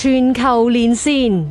全球連線，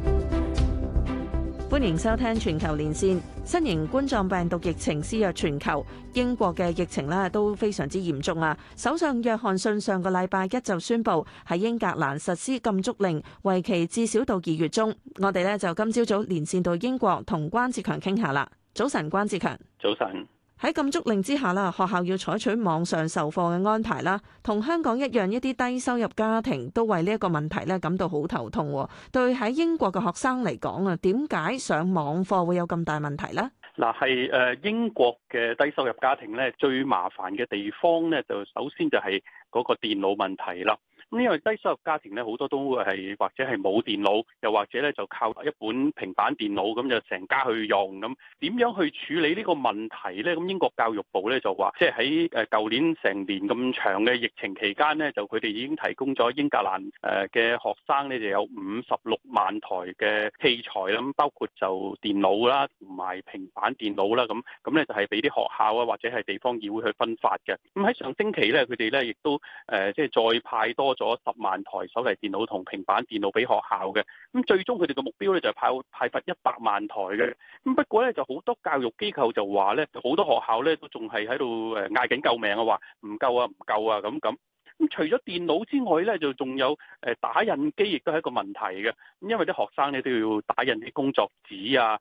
歡迎收聽全球連線。新型冠狀病毒疫情肆虐全球，英國嘅疫情咧都非常之嚴重啊！首相約翰遜上個禮拜一就宣布喺英格蘭實施禁足令，為期至少到二月中。我哋呢就今朝早連線到英國同關志強傾下啦。早晨，關志強。早晨。喺禁足令之下啦，學校要採取網上授課嘅安排啦，同香港一樣，一啲低收入家庭都為呢一個問題咧感到好頭痛。對喺英國嘅學生嚟講啊，點解上網課會有咁大問題呢？嗱，係誒英國嘅低收入家庭咧，最麻煩嘅地方咧，就首先就係嗰個電腦問題啦。咁因為低收入家庭咧，好多都係或者係冇電腦，又或者咧就靠一本平板電腦咁就成家去用咁。點樣去處理呢個問題咧？咁英國教育部咧就話，即係喺誒舊年成年咁長嘅疫情期間咧，就佢哋已經提供咗英格蘭誒嘅學生咧就有五十六萬台嘅器材啦，咁包括就電腦啦同埋平板電腦啦咁，咁咧就係俾啲學校啊或者係地方議會去分發嘅。咁喺上星期咧，佢哋咧亦都誒即係再派多。咗十萬台手提電腦同平板電腦俾學校嘅，咁最終佢哋嘅目標咧就係派派發一百萬台嘅，咁不過咧就好多教育機構就話咧，好多學校咧都仲係喺度誒嗌緊救命啊，話唔夠啊，唔夠啊咁咁。咁除咗電腦之外咧，就仲有打印機，亦都係一個問題嘅。因為啲學生你都要打印啲工作紙啊，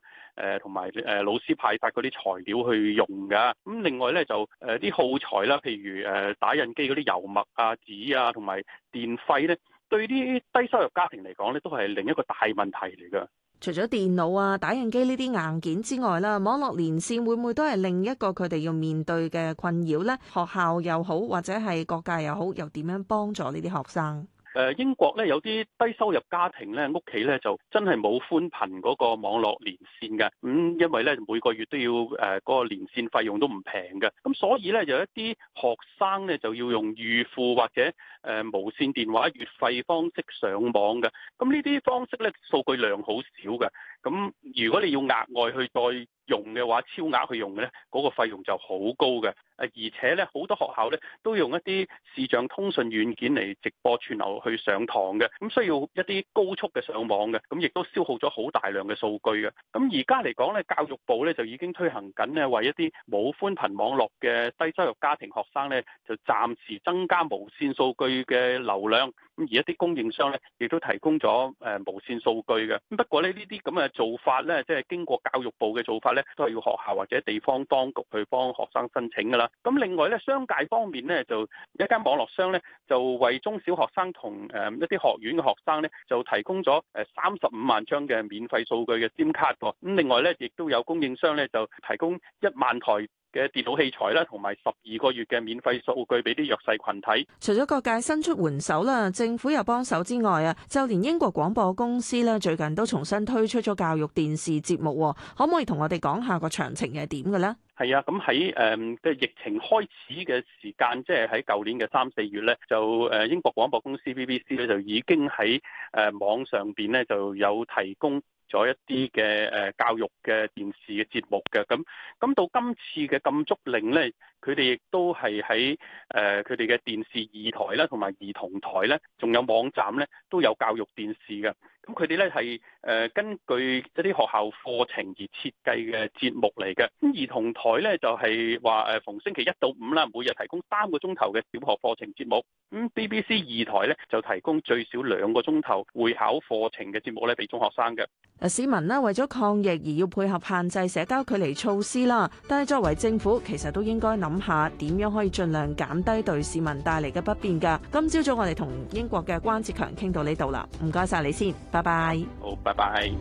同埋老師派發嗰啲材料去用㗎。咁另外咧就啲耗材啦，譬如打印機嗰啲油墨啊、紙啊，同埋電費咧，對啲低收入家庭嚟講咧，都係另一個大問題嚟㗎。除咗電腦啊、打印機呢啲硬件之外啦，網絡連線會唔會都係另一個佢哋要面對嘅困擾咧？學校又好，或者係各界又好，又點樣幫助呢啲學生？誒英國咧有啲低收入家庭咧屋企咧就真係冇寬頻嗰個網絡連線嘅，咁因為咧每個月都要嗰個連線費用都唔平嘅，咁所以咧有一啲學生咧就要用預付或者誒無線電話月費方式上網嘅，咁呢啲方式咧數據量好少嘅，咁如果你要額外去代用嘅話超額去用嘅呢，嗰個費用就好高嘅。誒，而且呢，好多學校呢都用一啲視像通訊軟件嚟直播串流去上堂嘅，咁需要一啲高速嘅上網嘅，咁亦都消耗咗好大量嘅數據嘅。咁而家嚟講呢，教育部呢就已經推行緊呢，為一啲冇寬頻網絡嘅低收入家庭學生呢就暫時增加無線數據嘅流量。咁而一啲供應商呢亦都提供咗誒無線數據嘅。不過呢呢啲咁嘅做法呢，即係經過教育部嘅做法。都係要學校或者地方當局去幫學生申請噶啦。咁另外咧，商界方面咧，就一間網絡商咧就為中小學生同誒一啲學院嘅學生咧，就提供咗誒三十五萬張嘅免費數據嘅 SIM 卡噃。咁另外咧，亦都有供應商咧就提供一萬台嘅電腦器材啦，同埋十二個月嘅免費數據俾啲弱勢群體。除咗各界伸出援手啦，政府又幫手之外啊，就連英國廣播公司咧最近都重新推出咗教育電視節目，可唔可以同我哋講下個詳情係點嘅咧？係啊，咁喺誒嘅疫情開始嘅時間，即係喺舊年嘅三四月咧，就誒英國廣播公司 BBC 咧就已經喺誒網上邊咧就有提供咗一啲嘅誒教育嘅電視嘅節目嘅，咁咁到今次嘅禁足令咧。佢哋亦都係喺誒佢哋嘅電視二台啦，同埋兒童台咧，仲有網站咧，都有教育電視嘅。咁佢哋咧係誒根據一啲學校課程而設計嘅節目嚟嘅。咁兒童台咧就係話誒逢星期一到五啦，每日提供三個鐘頭嘅小學課程節目。咁 BBC 二台咧就提供最少兩個鐘頭會考課程嘅節目咧俾中學生嘅。啊，市民咧為咗抗疫而要配合限制社交距離措施啦，但係作為政府其實都應該諗。下點樣可以盡量減低對市民帶嚟嘅不便噶？今朝早我哋同英國嘅關志強傾到呢度啦，唔該晒你先，拜拜。好，拜拜。